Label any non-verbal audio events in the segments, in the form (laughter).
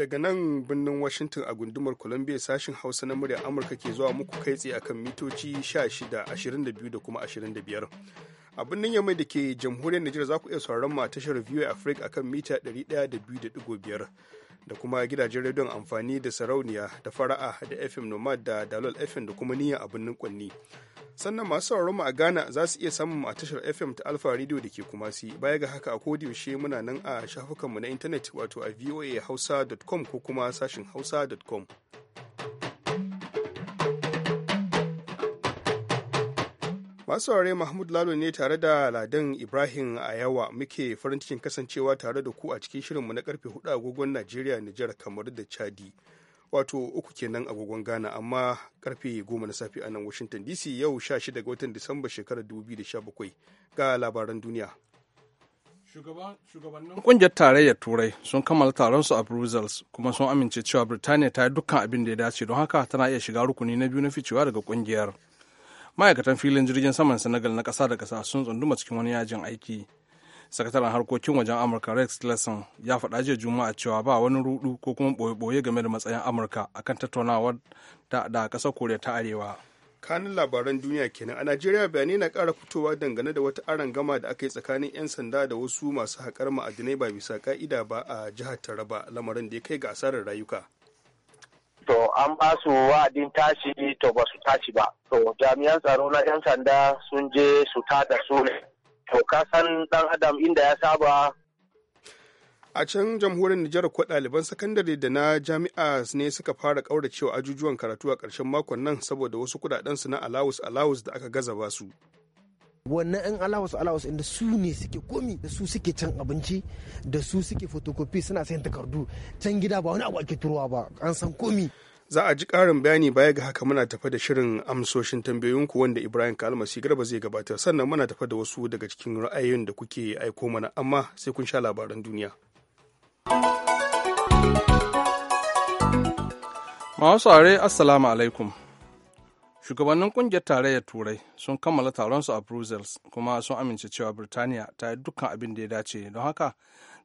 daga nan birnin Washington a gundumar Columbia sashin Hausa na murya Amurka ke zuwa muku kai tsaye akan mitoci 16, 22 da kuma 25. A birnin Yamai da ke jamhuriyar nigeria za ku iya sauraron mu a tashar a Africa akan mita 102.5. da kuma gidajen rediyon amfani da sarauniya da fara'a da fm nomad da dalol fm da kuma niyyar abin kunni sannan masu sauraron mu a ghana za su iya samun a tashar fm ta alfa radio da ke kumasi baya ga haka a yaushe muna nan a shafukanmu na intanet wato a hausa.com ko kuma sashin hausa.com masu ware mahmud lalo ne tare da ladan ibrahim a yawa muke farin cikin kasancewa tare da ku a cikin shirinmu na karfe 4 agogon najeriya nijar kamar da chadi wato uku kenan agogon ghana amma karfe 10 na safe a nan washington dc yau 16 ga watan disamba shekarar 2017 ga labaran duniya shugabannin kungiyar tarayyar turai sun kammala taron su a brussels kuma sun amince cewa birtaniya ta yi dukkan abin da ya dace don haka tana iya shiga rukuni na biyu na ficewa daga kungiyar ma'aikatan filin jirgin saman senegal na kasa da ƙasa sun tsunduma cikin wani yajin aiki sakataren harkokin wajen amurka rex tillerson ya faɗa jiya juma'a cewa ba wani rudu ko kuma ɓoye game da matsayin amurka akan tattaunawar da, da ƙasar koriya ta arewa kanin labaran duniya kenan a najeriya bayanai na kara fitowa dangane da wata gama da aka yi tsakanin 'yan sanda da wasu masu haƙar ma'adinai ba bisa ka'ida ba a jihar taraba lamarin da ya kai ga asarar rayuka to an ba su wa'adin tashi to ba su tashi ba to jami'an tsaro na 'yan sanda sun je su tada su ne to ka san dan adam inda ya saba a can jamhuriyar nijar ko ɗaliban sakandare da na jami'a ne suka fara ƙauracewa ajujuwan karatu a ƙarshen makon nan saboda wasu su na alawus alawus da aka gaza ba su wannan 'yan alawus alawus inda su ne suke komi da su suke can abinci da su suke photocopy suna sayan takardu can gida ba wani abu ake turowa ba an san komi za a ji ƙarin bayani baya ga haka muna tafa da shirin amsoshin tambayoyinku wanda ibrahim kalmasi garba zai gabatar sannan muna tafa da wasu daga cikin ra'ayoyin da kuke aiko mana amma sai kun sha labaran duniya masu are assalamu alaikum shugabannin kungiyar tarayyar turai sun kammala taron su a brussels kuma sun amince cewa birtaniya ta yi dukkan abin da ya dace don haka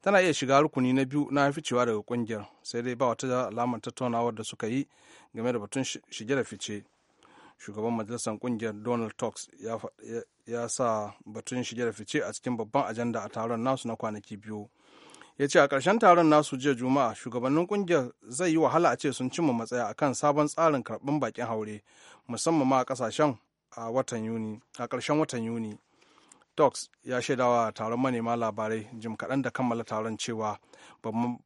tana iya shiga rukuni na biyu na ficewa daga kungiyar sai dai ba wata alamar tattaunawar da suka yi game da batun shige da fice shugaban majalisar kungiyar donald tusk ya sa batun shige da fice a cikin babban ajanda a taron nasu na kwanaki biyu ya ce a karshen taron nasu jiya juma'a shugabannin kungiyar zai yi wahala a ce sun cimma matsaya kan sabon tsarin karɓar bakin haure musamman ma a ƙasashen a watan yuni a ƙarshen watan yuni docs ya shaidawa taron manema labarai jim kaɗan da kammala taron cewa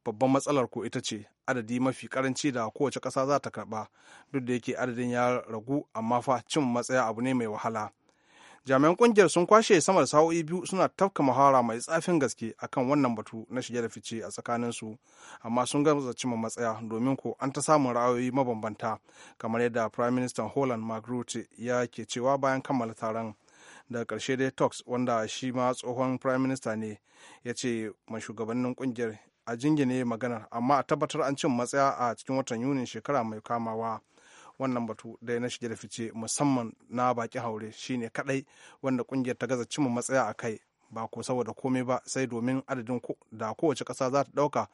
babban matsalar ko ita ce adadi mafi karanci da kowace ƙasa za ta karɓa duk da yake adadin ya ragu amma fa cin matsaya abu ne mai wahala. Jami'an ƙungiyar sun kwashe sama da sa'o'i biyu suna tafka muhawara mai tsafin gaske akan wannan batu na shige da fice a su amma sun gaza cimma matsaya domin ko an ta samun ra'ayoyi mabambanta kamar yadda Prime Minister Holland Mark Rutte ya ke cewa bayan kammala taron. daga karshe dai tox wanda shi ma tsohon prime minister ne ya ce shugabannin kungiyar a jingine maganar amma a tabbatar an cin matsaya a cikin watan yunin shekara mai kamawa wannan batu da na shige da fice musamman na baki haure shine kadai wanda kungiyar ta gaza cimma matsaya a kai ba ko saboda komai ba sai domin adadin da kowace kasa za ta ɗauka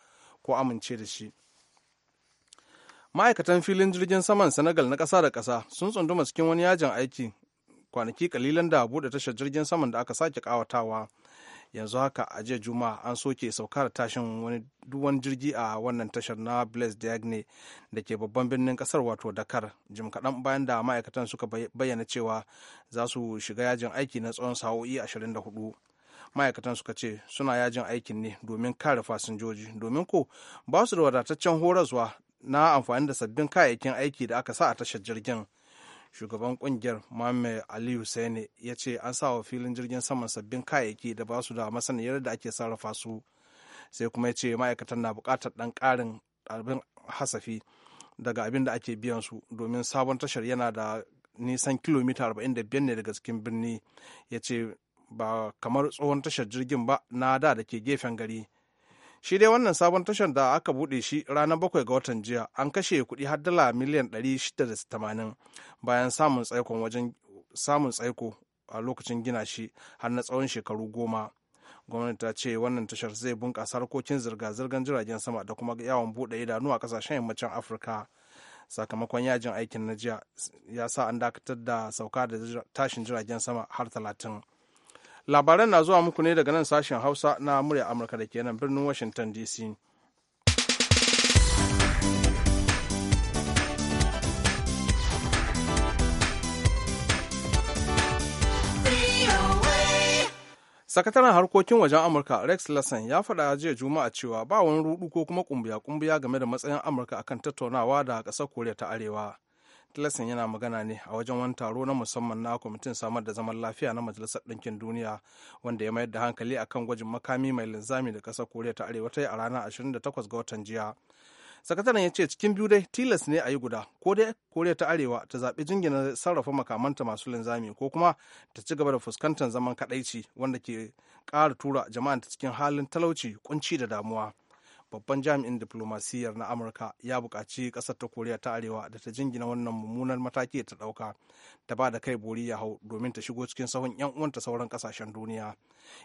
ko amince da shi ma'aikatan filin jirgin saman senegal na kasa da kasa sun tsunduma cikin wani yajin aiki kwanaki kalilan da buɗe tashar jirgin saman da aka sake kawatawa yanzu haka a jiya juma'a an soke da tashin wani duwan jirgi a wannan tashar na blaise diagne da ke babban birnin kasar wato dakar jim kaɗan bayan da ma'aikatan suka bayyana cewa za su shiga yajin aiki na tsawon sa'o'i 24 ma'aikatan suka ce suna yajin aikin ne domin kare fasinjoji domin ko ba su da wadataccen horaswa na amfani da sabbin kayayyakin aiki da aka sa a tashar jirgin shugaban kungiyar Mohammed Ali Hussein ya ce an sa wa filin jirgin saman sabbin kayayyaki da ba su da masaniyar da ake sarrafa su sai kuma ya ce ma'aikatan na bukatar dan karin abin hasafi daga abin da ake biyan su domin sabon tashar yana da nisan kilomita 45 ne daga cikin birni ya ce ba kamar tsohon tashar jirgin ba na da da ke gefen gari shi dai wannan sabon tashar da aka buɗe shi ranar bakwai ga watan jiya an kashe kuɗi har dala miliyan 680 bayan samun tsaikon wajen samun tsaiko a lokacin gina shi har na tsawon shekaru goma gwamnati ta ce wannan tashar zai bunkasa harkokin zirga-zirgar jiragen sama da kuma yawon buɗe idanu a kasashen yammacin afirka sakamakon yajin aikin na jiya ya sa an dakatar da sauka da tashin jiragen sama har talatin labaran na zuwa muku ne daga nan sashen hausa na murya amurka da ke nan birnin washington dc sakataren harkokin wajen amurka rex lesson ya faɗa jiya juma'a cewa ba wani rudu ko kuma kumbiya-kumbiya game da matsayin amurka akan tattaunawa da ƙasar koriya ta arewa tillerson yana magana ne a wajen wani taro na musamman na kwamitin samar da zaman lafiya na majalisar ɗinkin duniya wanda ya mayar da hankali akan gwajin makami mai linzami da ƙasar koriya ta arewa ta yi a ranar 28 ga watan jiya sakataren ya ce cikin biyu dai tilas ne a yi guda ko dai koriya ta arewa ta zaɓi jingina sarrafa makamanta masu linzami ko kuma ta ci gaba da fuskantar zaman kaɗaici wanda ke ƙara tura jama'a ta cikin halin talauci kunci da damuwa babban jami'in diplomasiyyar na amurka ya buƙaci ƙasar ta koriya ta arewa da ta jingina wannan mummunar mataki ta ɗauka ta ba da kai bori ya hau domin ta shigo cikin sahun yan uwanta sauran ƙasashen duniya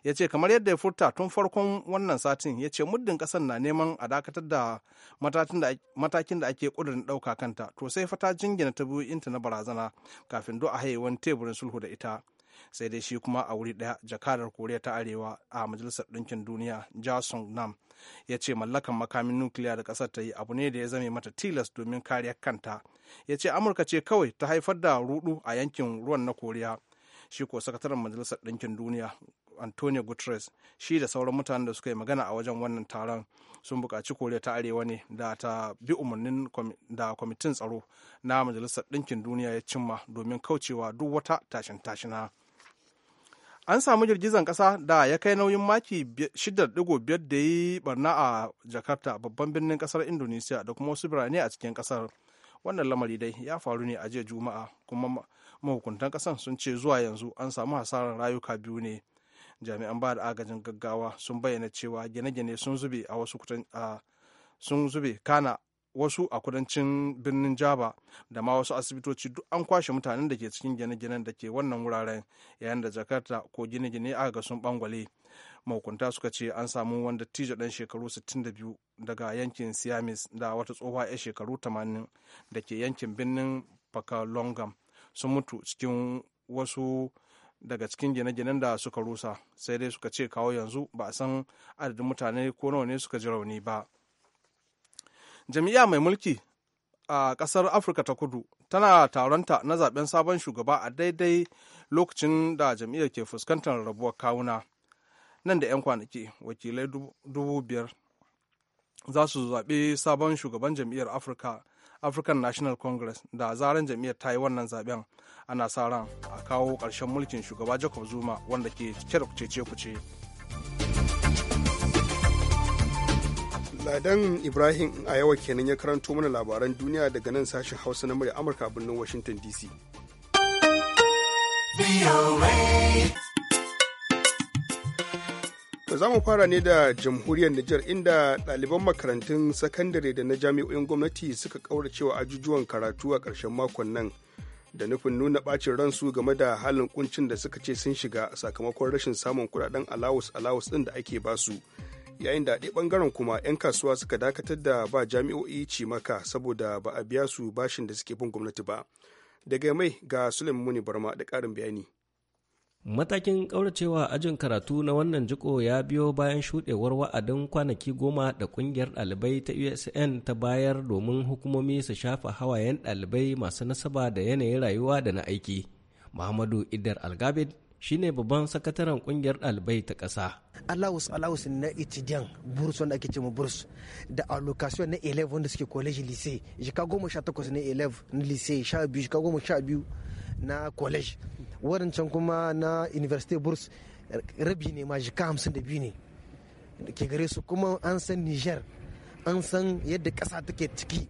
ya ce kamar yadda ya furta tun farkon wannan satin ya ce muddin ƙasar na neman a dakatar da matakin da ake ƙudurin ɗauka kanta to sai fa ta jingina ta biyu inta na barazana kafin do a haihuwan teburin sulhu da ita sai dai shi kuma a wuri ɗaya jakadar koriya ta arewa a majalisar ɗinkin duniya jason nam ya ce mallakan makamin nukiliya da ƙasar ta yi abu ne da ya zame mata tilas domin kariyar kanta ya ce amurka ce kawai ta haifar da rudu a yankin ruwan na koriya shi ko sakataren majalisar ɗinkin duniya antonio guterres shi da sauran mutanen da suka yi magana a wajen wannan taron sun buƙaci koriya ta arewa ne da ta bi umarnin da kwamitin tsaro na majalisar ɗinkin duniya ya cimma domin kaucewa duk wata tashin tashina an samu girgizan kasa da ya kai nauyin maki 6.5 da yi barna a jakarta babban birnin kasar indonesia da kuma wasu birane a cikin kasar wannan lamari dai ya faru ne a jiya juma'a kuma mahukuntan kasan sun ce zuwa yanzu an samu hasarar rayuka biyu ne jami'an ba da agajin gaggawa sun bayyana cewa gine-gine sun zube a wasu sun zube kana wasu a kudancin birnin jaba da ma wasu asibitoci duk an kwashe mutanen da ke cikin gine-ginen da ke wannan wuraren yayin da jakarta ko gine-gine aka ga sun bangwale mahukunta suka ce an samu wanda tijo dan shekaru 62 daga yankin siamis da wata tsohuwa ya shekaru 80 da ke yankin birnin pakalongam sun mutu cikin wasu daga cikin gine-ginen da suka rusa sai dai suka ce kawo yanzu ba a san adadin mutane ko nawa ne suka ji rauni ba. jami'a mai mulki a kasar afirka ta kudu tana taronta na zaben sabon shugaba a daidai lokacin da jam'iyyar ke fuskantar rabuwar kawuna nan da 'yan kwanaki wakilai dubu biyar za su zaɓi sabon shugaban jam'iyyar afirka african national congress da zaren jam'iyyar ta yi wannan zaben ana sa ran a kawo ƙarshen mulkin shugaba jacob zuma wanda ke kuce kuce. Ladan Ibrahim a yawa kenan ya karanto mana labaran duniya daga nan sashen Hausa na murya Amurka birnin Washington DC. za mu fara ne da jamhuriyar Nijar inda ɗaliban makarantun sakandare da na jami'o'in gwamnati suka ƙauracewa ajujuwan karatu a ƙarshen makon nan da nufin nuna ɓacin ransu game da halin kuncin da suka ce sun shiga sakamakon rashin samun kuɗaɗen alawus alawus ɗin da ake basu. yayin da ɗaya ɓangaren kuma 'yan kasuwa suka dakatar da ba jami'o'i cimaka saboda ba a biya su bashin da suke bin gwamnati ba daga mai ga suleiman muni barma da ƙarin bayani Matakin ƙauracewa ajin karatu na wannan jiko ya biyo bayan shuɗewar wa'adin kwanaki goma da ƙungiyar ɗalibai ta USN ta bayar domin hukumomi su shafa hawayen ɗalibai masu nasaba da yanayin rayuwa da na aiki. Muhammadu Idar Algabid shine babban sakataren kungiyar ɗalibai ta ƙasa. allowance allowance na itidiyan burs wanda ake cewa burs da allocation na 11 wanda suke college lycée jika goma sha takwas na 11 na lycée sha biyu jika goma sha biyu na college wadancan kuma na university burs rabi ne ma jika hamsin da biyu ne ke gare su kuma an san niger an san yadda ƙasa take ciki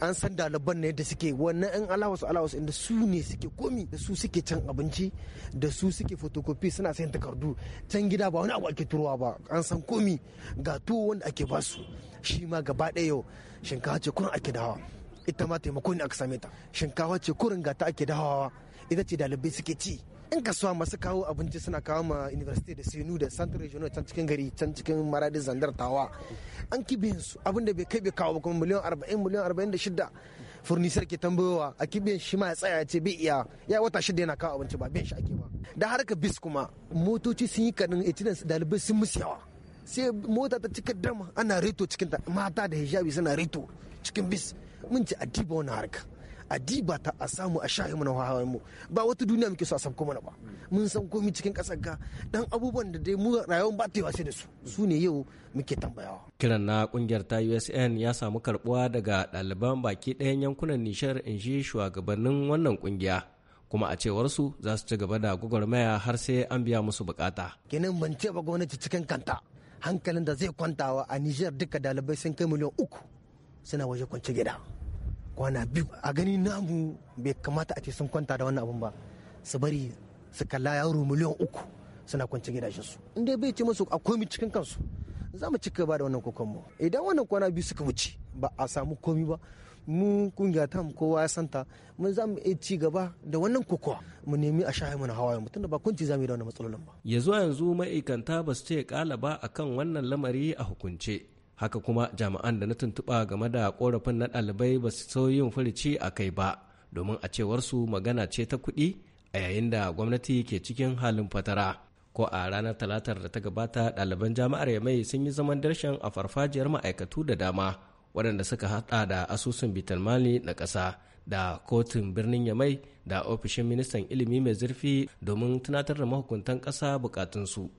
an san daliban ne da suke wannan yan alawasu inda su ne suke komi da su suke can abinci da su suke fotokopi suna sayan takardu can gida ba wani abu ake turowa ba an san komi ga tuwo wanda ake basu shi ma gaba ɗaya yau shinkafa ce kurin ake dawa ita ma taimako ne aka same ta shinkafa ce kurin gata ake dawawa ita ce dalibai suke ci in kasuwa masu kawo abinci suna kawo ma university da sinu da central regional can cikin gari can cikin maradi zandar tawa an kibiyan su abin da bai kai bai kawo kuma miliyan 40 miliyan 46 furnisar ke tambayowa a kibiyan shi ma ya tsaya ya ce bai iya ya wata shida yana kawo abinci ba biyan shi ake ba da harka bis kuma motoci sun yi kanin itinan dalibai sun musu yawa sai mota ta cika dama ana reto cikin mata da hijabi suna reto cikin bis mun ci adiba wani harka a diba ta a samu a mu na hawayen mu ba wata duniya muke so a sabko mana ba mun san komi cikin kasar ga dan abubuwan da dai mu rayuwar ba ta yi wasu da su su ne yau muke tambayawa kiran na kungiyar ta USN ya samu karbuwa daga ɗaliban baki ɗayan yankunan Nishar in ji shugabannin wannan kungiya kuma a cewar su za su ci gaba da gwagwarmaya har sai an biya musu bukata kenan ban ce ba gwamnati cikin kanta hankalin da zai kwantawa a Nijar duka dalibai sun kai miliyan uku suna waje kwanci gida kwana biyu a gani namu bai kamata a ce sun kwanta da wannan abun ba su bari su kalla yaro miliyan uku suna kwanci gidajensu in dai bai ce musu akwai mu cikin kansu za mu cika ba da wannan kokon mu idan wannan kwana biyu suka wuce ba a samu komi ba mu kungiya ta kowa ya santa mun za mu iya ci gaba da wannan kokowa mu nemi a shahi hawa hawaye mutum da ba kunci za mu yi da wannan matsalolin ba ya yanzu ma'aikanta ba su ce kala ba akan wannan lamari a hukunce haka kuma jami'an da na tuntuɓa game da korafin na ɗalibai ba su yin furici a kai ba domin a cewar su magana ce ta kuɗi a yayin da gwamnati ke cikin halin fatara ko a ranar talatar da ta gabata ɗaliban jami'ar ya mai sun yi zaman darshen a farfajiyar ma'aikatu da dama waɗanda suka haɗa da asusun bitalmali na ƙasa da kotun birnin yamai da ofishin ministan ilimi mai zurfi domin tunatar da mahukuntan ƙasa bukatunsu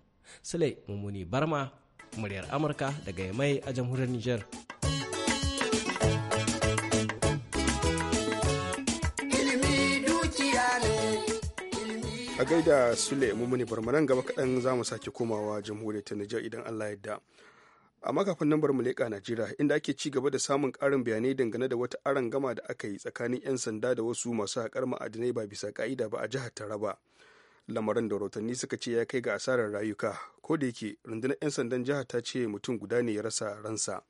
sule mummuni barma muryar Amurka daga Yamai a jamhuriyar Nijar. A gaida Sule Mumuni Barmanan gaba kaɗan za mu sake komawa jamhuriyar ta Nijar idan Allah yadda. a makafin lambar leƙa najeriya inda ake ci gaba da samun ƙarin bayanai dangane da wata arangama da aka yi tsakanin 'yan sanda da wasu masu haƙar ma'adinai ba bisa ƙa'ida ba a jihar taraba lamarin da rautanni suka ce ya kai ga asarar rayuka ko da yake rundunar 'yan sandan jihar ta ce mutum guda ne ya rasa ransa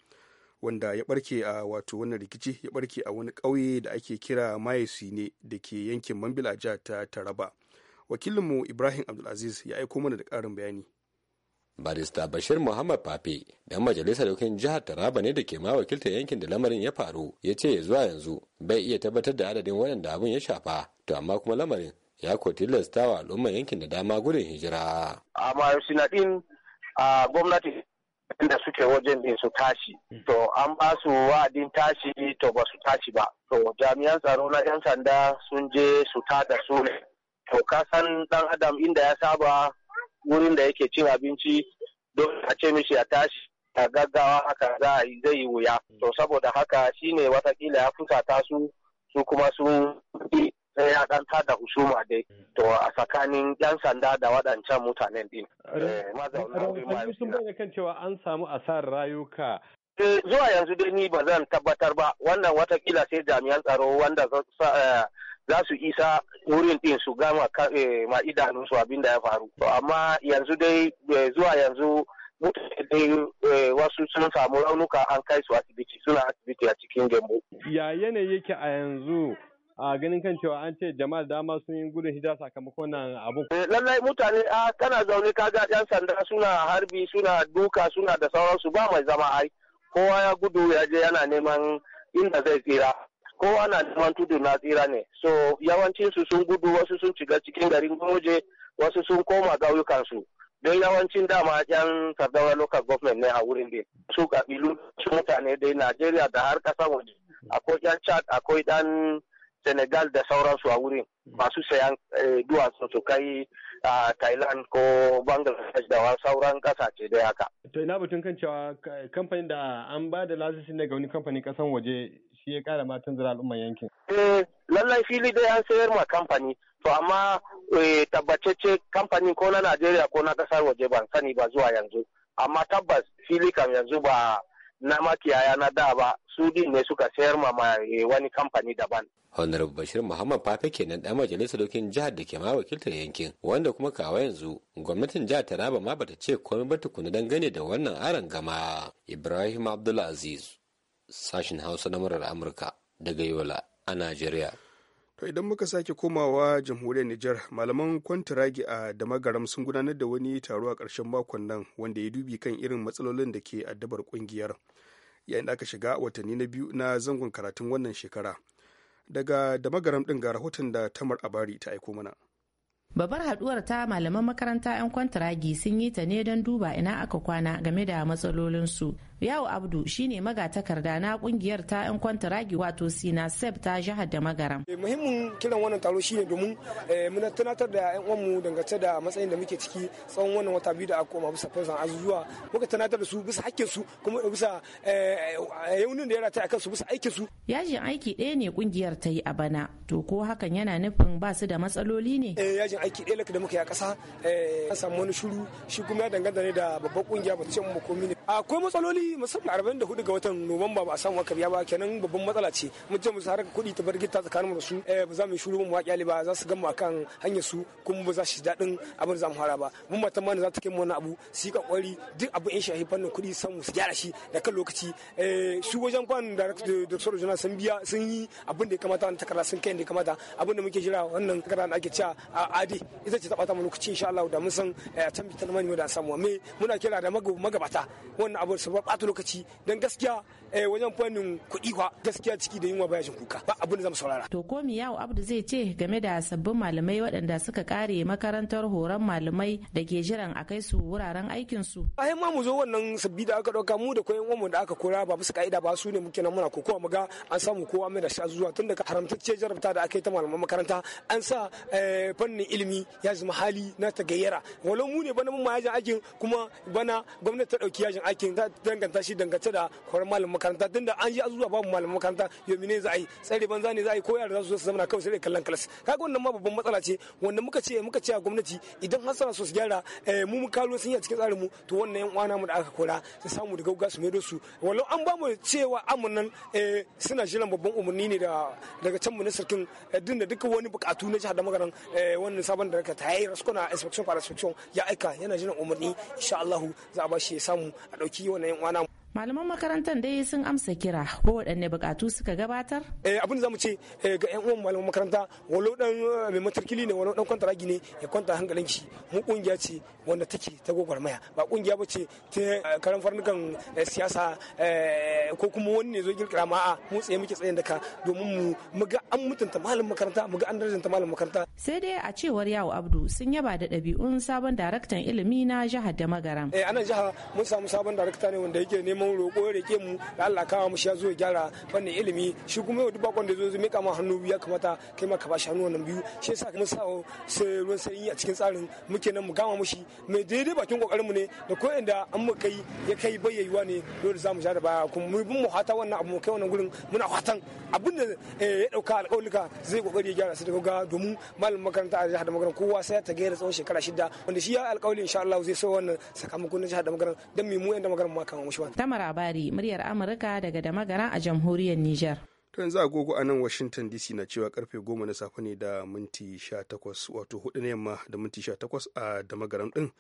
wanda ya barke a wato wannan rikici ya barke a wani ƙauye da ake kira mayesi ne da ke yankin mambila a jihar ta taraba wakilinmu ibrahim abdulaziz ya aiko mana da ƙarin bayani barista bashir muhammad pape dan majalisar dokin jihar taraba ne da ke ma wakiltar yankin da lamarin ya faru ya ce zuwa yanzu bai iya tabbatar da adadin waɗanda abin ya shafa to amma kuma lamarin ya ko tilasta wa yankin da dama gudun hijira. Amma sinadin a gwamnati da suke wajen din su tashi. To an ba su wa'adin tashi to ba su tashi ba. To jami'an tsaro na 'yan sanda sun je su ta da su ne. To ka san dan adam inda ya saba wurin da yake cin abinci don a ce mishi a tashi a gaggawa haka za a yi zai yi wuya. To saboda haka shine watakila ya fusata su su kuma sun sai ya dan tada husuma dai mm. to a tsakanin yan sanda da waɗancan mutanen din. Eh, kan an samu asarar rayuka eh, zuwa yanzu dai ni ba zan tabbatar ba wannan watakila sai jami'an tsaro wanda za su eh, isa wurin din su gama ma idanunsu abinda ya faru amma yanzu dai zuwa yanzu mutane wasu sun samu raunuka an kai su asibiti suna asibiti a cikin gembo ya yanayi yake a yanzu a ganin kan cewa an ce jama'a dama sun yi gudun hijira sakamakon nan abu. Eh, lallai mutane a kana zaune ka ga yan sanda suna harbi suna duka suna da sauransu ba mai zama ai kowa ya gudu ya je yana neman inda zai tsira kowa na neman tudu na tsira ne so yawancinsu sun gudu wasu sun shiga cikin garin goje wasu sun koma gauyukansu don yawancin dama yan sardawa local government ne a wurin din su kabilu su mutane dai najeriya da har kasa waje akwai yan chad akwai dan senegal da sauransu a wurin hmm. masu sayan eh, duwatsu su kai a thailand ko bangladesh da sauran kasashe da haka to ina batun kan cewa kamfanin da an ba da lasisin daga wani kamfanin kasan waje shi ya kara ma tunzura al'umman yankin eh, lallai fili dai an sayar ma kamfani to amma eh, tabbacece kamfani ko na najeriya ko na kasar waje ban sani ba zuwa yanzu amma tabbas fili kam yanzu ba na makiyaya na da ba su din ne suka sayar ma eh, wani kamfani daban. Honorab Bashir Muhammad Fafe kenan ɗan majalisar dokin jihar da ke ma wakiltar yankin wanda kuma kawa yanzu gwamnatin jihar Taraba ma bata ce komai ba tukuna dangane da wannan aron gama. Ibrahim Abdulaziz sashin Hausa na murar Amurka daga Yola a Najeriya. to idan muka sake komawa jamhuriyar Nijar malaman kwantiragi a damagaram sun gudanar da wani taro a ƙarshen makon nan wanda ya dubi kan irin matsalolin da ke addabar kungiyar yayin da aka shiga watanni na biyu na zangon karatun wannan shekara daga damagaram ɗin ga rahoton da tamar abari ta aiko mana babbar haduwar ta malaman makaranta 'yan kwantiragi sun yi ta ne don duba ina aka kwana game da matsalolinsu. yawo abdu shine magatakarda na kungiyar ta yan kwantaragi wato sina sep ta jihar da magaram eh, muhimmin kiran wannan taro shine domin eh, muna tunatar da yan uwanmu dangance da matsayin da muke ciki tsawon wannan wata biyu da aka koma bisa farzan azuzuwa muka tunatar da su bisa hakkin su kuma bisa yaunin eh, da ya rata akan su bisa aikin su yajin aiki ɗaya ne kungiyar ta yi a bana to ko hakan yana nufin ba su da matsaloli ne yajin aiki ɗaya da muka yi a ƙasa an samu wani shuru shi kuma ya danganta ne da babban kungiya ba ta ce mu komi ne akwai matsaloli kuɗi musamman arba'in da hudu ga watan nuwamba ba a samu aka biya ba kenan babban matsala ce mun musu haraka kuɗi ta bar gita tsakanin mu su eh, ba za mu shuru mu waƙi ba za su gama akan hanyar su kuma ba za su daɗin abin za mu fara ba mun matan ma za ta kai mu wani abu su yi kokari duk abu in shahi fannin kuɗi samu su gyara shi da kan lokaci eh, su wajen fan da doktor sun biya sun yi abin da ya kamata wani takarda sun kai da ya kamata abin da muke jira wannan takarda da ake cewa a ade ita ce ta bata mu lokaci insha Allah da mun san eh, a can bitan mani da samu me muna kira da magabata wannan abu su ba wata lokaci don gaskiya eh wajen fannin kuɗi kwa gaskiya ciki da yunwa bayan kuka ba abin da zamu saurara to ko abu abdu zai ce game da sabbin malamai waɗanda suka kare makarantar horon malamai da ke jiran a kai su wuraren aikin su a ma mu zo wannan sabbi da aka ɗauka mu da koyan wamu da aka kora ba bisa ka'ida ba su ne muke nan muna kokowa mu ga an samu kowa mai da sha zuwa tun daga haramtacce jarabta da aka yi ta malaman makaranta an sa eh, fannin ilimi ya zama hali na ta gayyara walau mu ne bana mun ma yajin aikin kuma bana gwamnati ta ɗauki yajin aikin ta danganta shi dangance da horon malamai makaranta da an yi azuzuwa babu malaman makaranta yau mine za a yi tsare banza ne za a yi ko yara za su zama kawai sai kallon kalas kaga wannan ma babban matsala ce wanda muka ce muka ce a gwamnati idan har sana so su gyara eh, mu mu kalo sun yi a cikin tsarin mu to wannan yan uwana mu da aka kora su samu da gauga su maido su walau an ba mu cewa amun nan eh, suna jiran babban umarni ne daga can mu na sarkin eh, din da duka wani bukatu na jihar da magaran wannan sabon da ta yi raskuna inspection para inspection ya aika yana jiran umarni insha Allah za a ba shi ya samu a dauki wannan yan uwana malaman makarantar dai sun amsa kira ko waɗanne bukatu suka gabatar eh, abin da zamu ce eh, ga yan uwan malaman makaranta walo dan eh, mai matarkili ne walo dan kwantaragi ne ya kwanta hankalin shi mu kungiya ce wanda take ta gwagwarmaya ba kungiya ba ce ta karan farnukan siyasa ko kuma wani ne zo girkira ma a mu tsaye muke tsayin daka domin mu ga an mutunta malaman makaranta mu ga an darajanta malaman makaranta sai dai a cewar yawo abdu sun yaba da ɗabi'un sabon daraktan ilimi na jihar da magaram eh nan jiha mun samu sabon darakta ne wanda yake neman mun roƙo rike mu da Allah kawo mu shazo ya gyara fannin ilimi shi kuma yau duk bakon da zo zai mika mu hannu biyu ya kamata kai ma ka bashi hannu wannan biyu shi yasa kuma sa sai ruwan sanyi a cikin tsarin muke nan mu gama mushi mai daidai bakin kokarin mu ne da ko inda an mu kai ya kai bayyaiwa ne dole za mu sha da baya kuma mu bin mu hata wannan abu mu kai wannan gurin muna hatan abin da eh, ya dauka alƙawarika zai kokari ya gyara su daga ga domin malamin makaranta a jihar da magaran kowa sai ya tagayyara tsawon shekara shida wanda shi ya alƙawari insha Allah zai so wannan sakamakon na jihar da magaran dan mu mu yan da magaran ma kama mushi wannan Tamar Abari muryar Amurka daga Damagara a jamhuriyar Nijar. To yanzu agogo a nan Washington DC na cewa karfe goma na safe ne da minti 18 wato hudu na yamma da minti 18 a Damagaran din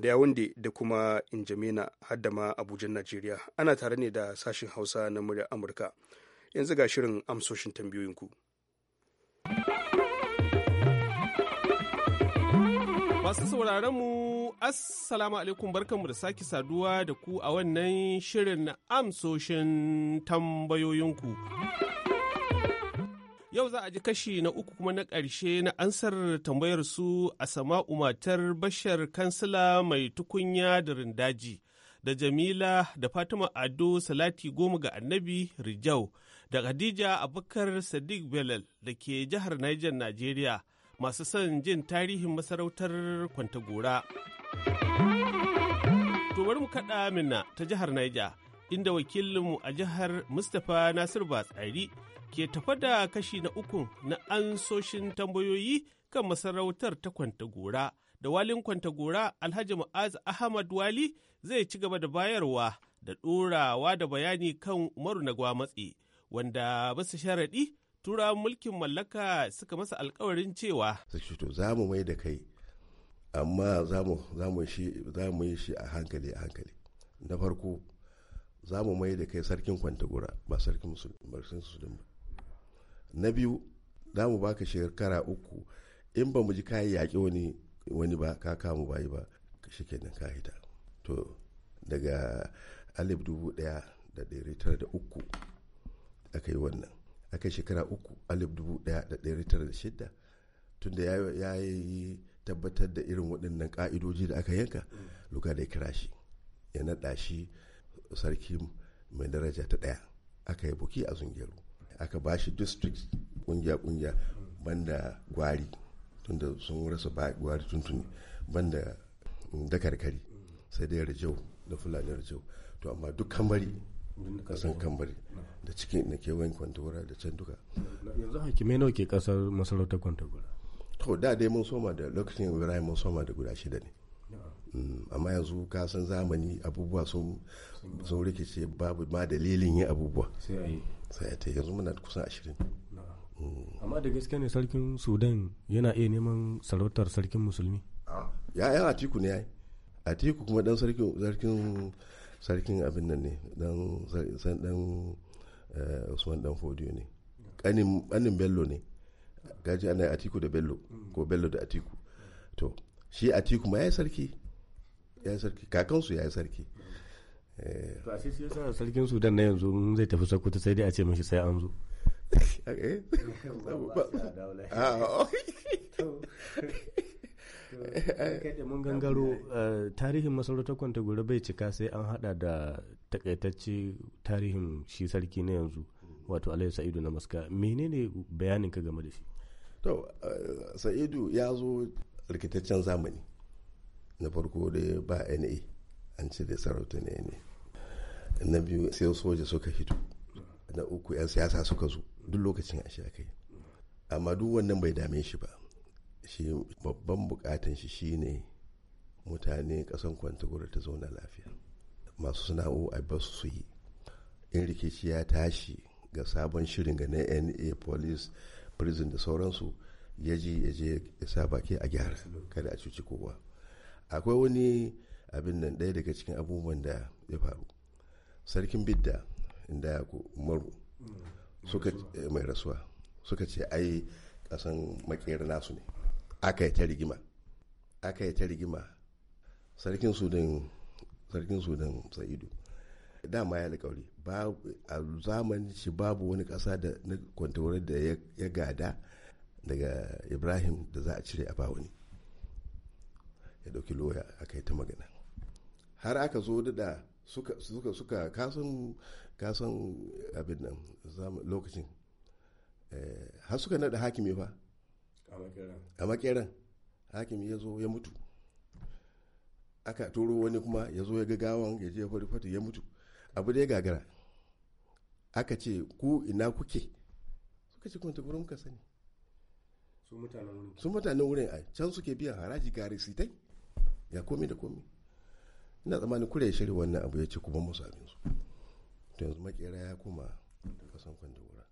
da da kuma Injamena har da ma Abuja Najeriya. Ana tare ne da sashin Hausa na muryar Amurka. Yanzu ga shirin amsoshin tambayoyinku. ku. Masu sauraron mu Assalamu alaikum barkanmu da sake saduwa da ku a wannan shirin amsoshin tambayoyinku. Yau za a ji kashi na uku kuma na ƙarshe na ansar tambayar su a sama umatar bashar kansila mai tukunya da rindaji da Jamila da Fatima Ado Salati goma ga annabi Rijau da Khadija Abubakar Sadiq Belal da ke jihar Niger Najeriya. masu son jin tarihin masarautar Kwantagora. To mu kaɗa minna ta jihar Naija, inda wakilinmu a jihar Mustapha Nasir Batsari ke tafa da kashi na uku na ansoshin tambayoyi kan masarautar ta Kwantagora. Da walin Kwantagora Alhaji Mu'az Ahmad Wali zai ci gaba da bayarwa da ɗorawa da bayani kan Umaru na Gwamatsi, wanda basu sharaɗi tura mulkin mallaka suka masa alkawarin cewa to za mu mai da kai amma za mu yi shi a hankali a hankali na farko za mu mai da kai sarkin kwantagura ba sarkin musulun ba na biyu za mu baka shekara uku in ba mu ji kayi yaƙi wani wani ba ka kamu bayi ba shi kenan ka hita to daga alif dubu daya da ɗari tara da uku aka yi wannan a kai shekara uku alif dubu ɗaya da ɗari tara da shidda tunda ya yi tabbatar da irin waɗannan ƙa'idoji da aka yanka luka da ya kira shi ya naɗa shi sarki mai daraja ta ɗaya aka yi buki a zungeru aka ba shi district ƙungiya-ƙungiya banda gwari tunda sun rasa gwari tuntuni banda karkari sai dai rajau da fulani rajau to amma duk kambari kasan kambari da cikin na kewayen kwantagora da can duka yanzu hakimai nawa ke kasar masarautar kwantagora to da dai mun soma da lokacin ibrahim mun soma da guda shida ne mm, amma yanzu ka san zamani abubuwa sun rikice babu ma dalilin yin abubuwa sai a ta yanzu muna kusan ashirin amma da gaske ne sarkin sudan yana iya neman sarautar sarkin musulmi ya yan atiku ne ya yayi atiku kuma dan sarkin sarkin abin nan ne dan Eh, usman dan fodiyo ne kanin bello ne gaji ana atiku da bello mm. ko bello da atiku to shi atiku ma ya yi sarki ya yi sarki kakansu ya yi sarki eh. to a sarkin sudan na yanzu zai tafi sokoto sai dai a ce mashi sai an zo (laughs) eh (laughs) (laughs) mun gangaro eh, tarihin masarautar bai cika sai an hada da takaitacce tarihin shi sarki na yanzu wato alayhi sa'idu na maska menene bayanin ka game da shi to eh, sa'idu ya zo rikitaccen zamani na farko da ba na an ce da sarauta na na na biyu sai soja suka hito na uku 'yan siyasa suka zo duk lokacin a shi amma duk wannan bai dame shi ba shi babban bukatan shi shine mutane kasan kwantagura ta zauna lafiya masu sana'o a basu su yi in rikici ya tashi ga sabon shirin ga na na police prison da sauransu ya ji ya je ya sa baki a gyara kada a cuci kowa akwai wani abin nan ɗaya daga cikin abubuwan da ya faru sarkin bidda inda ya umaru mm. suka eh, mai rasuwa suka ce ai kasan makera nasu ne aka yi ta rigima aka yi ta rigima sarkin sudan sarkin sudan sa'idu dama ya alƙawari a zamanin shi babu wani ƙasa da na kwantawar da ya gada daga ibrahim da za a cire a bawani ya dauki loya aka yi ta magana har aka zo da suka suka suka kasan kasan abin nan lokacin eh, har suka naɗa hakimi fa a makeran hakimi ya zo ya mutu aka turo wani kuma ya zo ya ga gawan ya je fari fata ya mutu abu da ya gagara aka ce ku ina kuke suka ce kuma tafi ka sani su mutanen wurin a can suke biyan haraji ga sitai ya komi da komi ina tsammanin kure ya shirya wannan abu ya ce kuma musu abinsu to yanzu makera ya koma kasan kwanda wura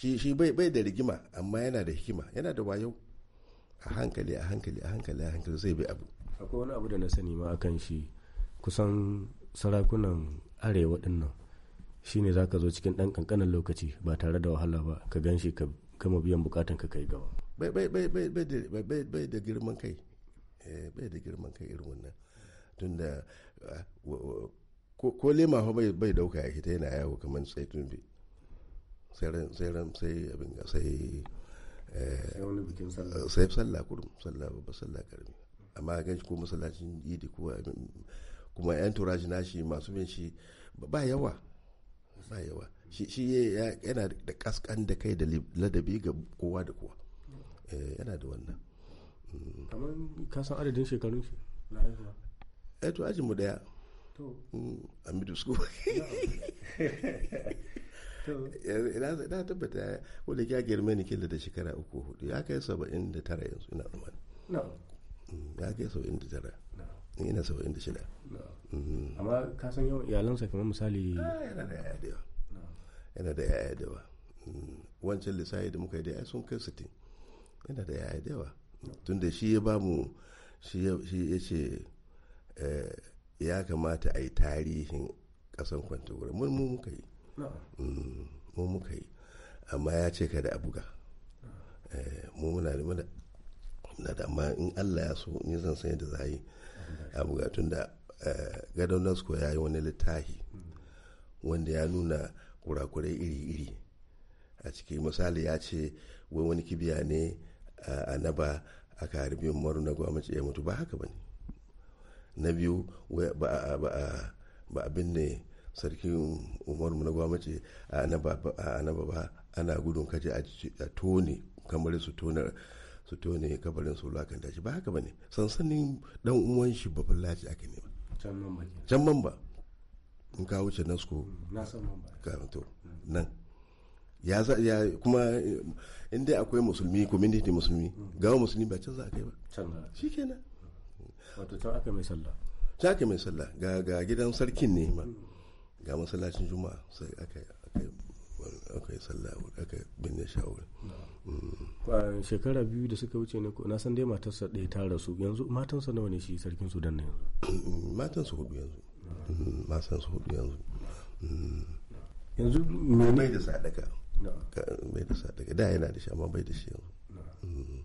shi shi bai bai da rigima amma yana da hikima yana da wayo a hankali a hankali a hankali a hankali zai bi abu akwai wani abu da na sani ma akan shi kusan sarakunan arewa dinnan shine zaka zo cikin dan kankanin lokaci ba tare da wahala ba ka gan shi ka gama biyan bukatan ka kai gaba bai bai bai bai bai bai da girman kai eh, bai da girman kai irin wannan tunda ah, ko lema bai bai dauka ya ta yana yawo kamar tsaitun bi sai abin sai bikin Sallah. sai sallah kurum sallah babba sallah karami amma gan ko masallacin idi ko kuma yan turaji nashi masu bin shi ba yawa ba yawa shi yana da kaskan da kai da ladabi ga kowa da kowa yana da wannan kamar ka san adadin shekarun shi na haihuwa eh to mu daya to a school (laughs) (laughs) Eh, na tabbata wadda ya girma ni kila da shekara uku hudu ya kai saba'in da tara yanzu ina tsammani mm, ya kai saba'in da tara ina saba'in da shida mm. amma ka san yawan iyalansa kamar misali ah, yana da yaya da yawa yana da yaya da yawa mm, wancan lissafi da muka yi da ya sun kai sitin. yana da yaya da yawa tunda shi ya bamu shi ya ce eh, ya kamata a yi tarihin kasan kwanta wurin mun muka yi Mm, mu muka yi amma ya ce kada a buga eh, mu muna da na da amma in allah ya so ni zan san yadda za a yi a buga tun da eh, gadon nasko ya yi wani littafi wanda ya nuna kurakurai iri-iri a ciki misali ya ce wai wani kibiya ne eh, a naba a karibin maru na gwamnati ya mutu ba haka ba ne na biyu ba a binne sarkin umarmu na gwamnati a anaba baba ana gudun kaje a tone kamar su tone su tone kabarin su lakanta shi ba haka bane sansanin dan uwan shi babban laji aka ne ba can man ba in ka wuce nasko karanto nan ya za ya kuma inda akwai musulmi community musulmi gawa musulmi ba can za a kai ba shi kenan wato can aka mai sallah can aka mai sallah ga gidan sarkin ne ma ga masallacin juma'a sai aka aka yi sallah aka binne shi a mm. shekara biyu da suka wuce ne na san dai matarsa ɗaya ta rasu yanzu matansa nawa ne shi sarkin sudan na yanzu mm, matansa hudu yanzu mm, matansa hudu yanzu yanzu mai da sadaka bai da sadaka da yana da shi amma bai da shi yanzu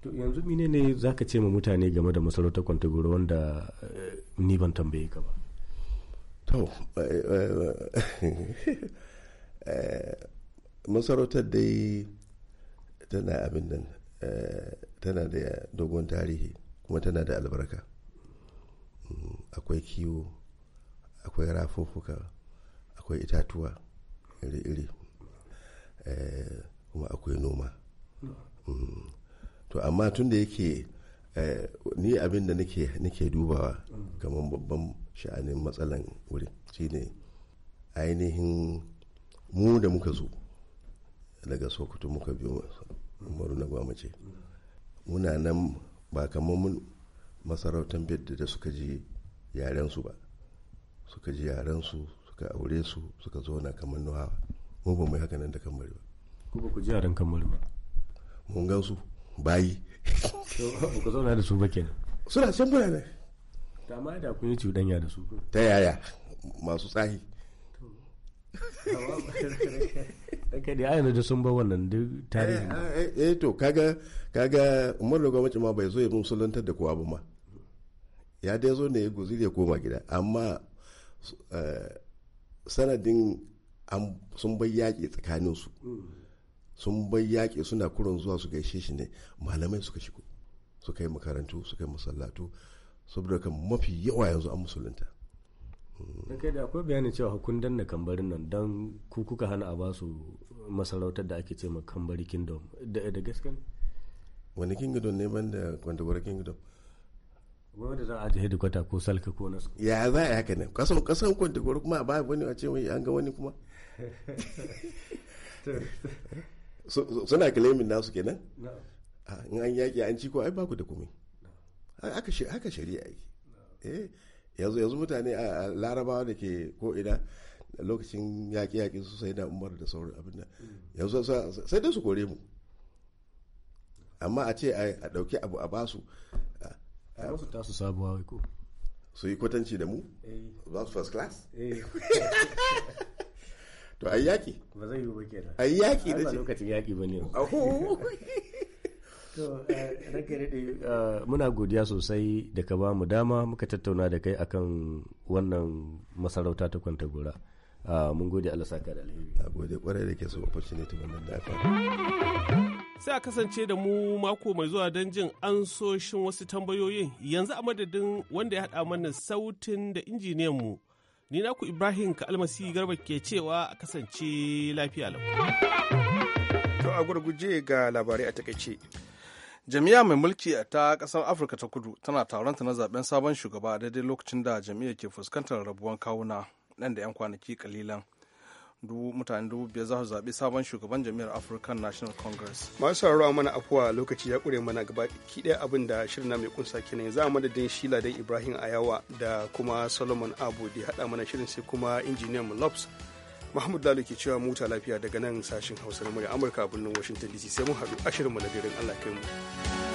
to yanzu mine ne za ka ce ma mutane game da masarautar kwantagoro wanda eh, ni ban tambaye ka ba to (laughs) eh, masarautar dai tana abin nan eh, tana da dogon tarihi kuma tana da albarka mm, akwai kiwo akwai rafuffuka akwai itatuwa iri-iri eh, kuma akwai noma mm, to amma tun da yake ni abin da nake dubawa kamar babban sha'anin matsalan wurin shine ainihin mu da muka zo daga sokoto muka biyo umaru na gwamace muna nan ba kamar masarautan masarautar da suka ji yarensu ba suka ji yarensu suka aure su suka zo na kamar nuhawa mu ba mu haka nan da kamar ba ko ba ku ji yaren kamar ba mun gan su bayi (laughs) ba ku zauna da su ba kenan suna can bayanai ta ma da kun yi cuɗanya da su ta yaya masu tsahi ka da ayyana da sun ba wannan duk tarihi eh, eh, eh, eh to kaga kaga umar da gwamnati ma bai zo ya musulantar da kowa ba ma ya dai zo ne ya guzi ya koma gida amma sanadin sun bai yaƙi tsakaninsu sun bai yaƙi suna kurin zuwa su gaishe shi ne malamai suka shigo suka yi makarantu suka yi masallatu saboda kan mafi yawa yanzu an musulunta na kai da akwai bayanin cewa hukun danna kambarin nan don kuka hana a basu masarautar da ake ce ma kambari kingdom da gaske ne wani kingdom ne ban da kwantabar kingdom wanda za a ji hedikwata ko salka ko nasu ya za a haka ne kasan kasan kwantabar kuma a ba wani a ce mai an ga wani kuma suna kilimin nasu kenan ah, in an yaki an ci ko ai baku da komai haka shari'a yake eh, yanzu yanzu mutane a larabawa da ke ko ina lokacin yaƙi-yaƙi su sai na umar da sauran abin da. yanzu sai dai su kore mu amma a ce a ɗauki abu a basu a ta su sabuwa ko su yi kwatanci da mu eh. ba su first class eh. (laughs) to a yaƙi ba zai yi ba kenan a yaƙi da ce lokacin yaƙi ba ne (laughs) Eh, eh, muna godiya sosai da ka ba mu dama muka tattauna da kai akan wannan masarauta ta kwanta gora eh, mun gode Allah saka da alheri a gode kwarai da ke so opportunity wannan da aka sai a kasance da mu mako mai zuwa don jin ansoshin wasu tambayoyin yanzu a madadin wanda ya haɗa mana sautin da injiniyan mu ni naku ibrahim ka almasi garba ke cewa a kasance lafiya lau to a gurguje ga labarai a takaice jami'a mai mulki ta kasar afirka ta kudu tana taronta na zaben sabon shugaba daidai lokacin da jami'a ke fuskantar rabuwan kawuna nan da 'yan kwanaki kalilan mutane dubu biyar za su zaɓi sabon shugaban jami'ar african national congress masu sauraro mana afuwa lokaci ya ƙure mana gaba ki ɗaya abin da shirin mai kunsa kenan za a madadin shila da ibrahim ayawa da kuma solomon abu da haɗa mana shirin sai kuma injiniyan mu lobs Mahmud Lalo ke cewa mota lafiya daga nan sashen Hausa na murya Amurka a birnin Washington DC sai mun haɗu ashirin mu na Allah kai mu.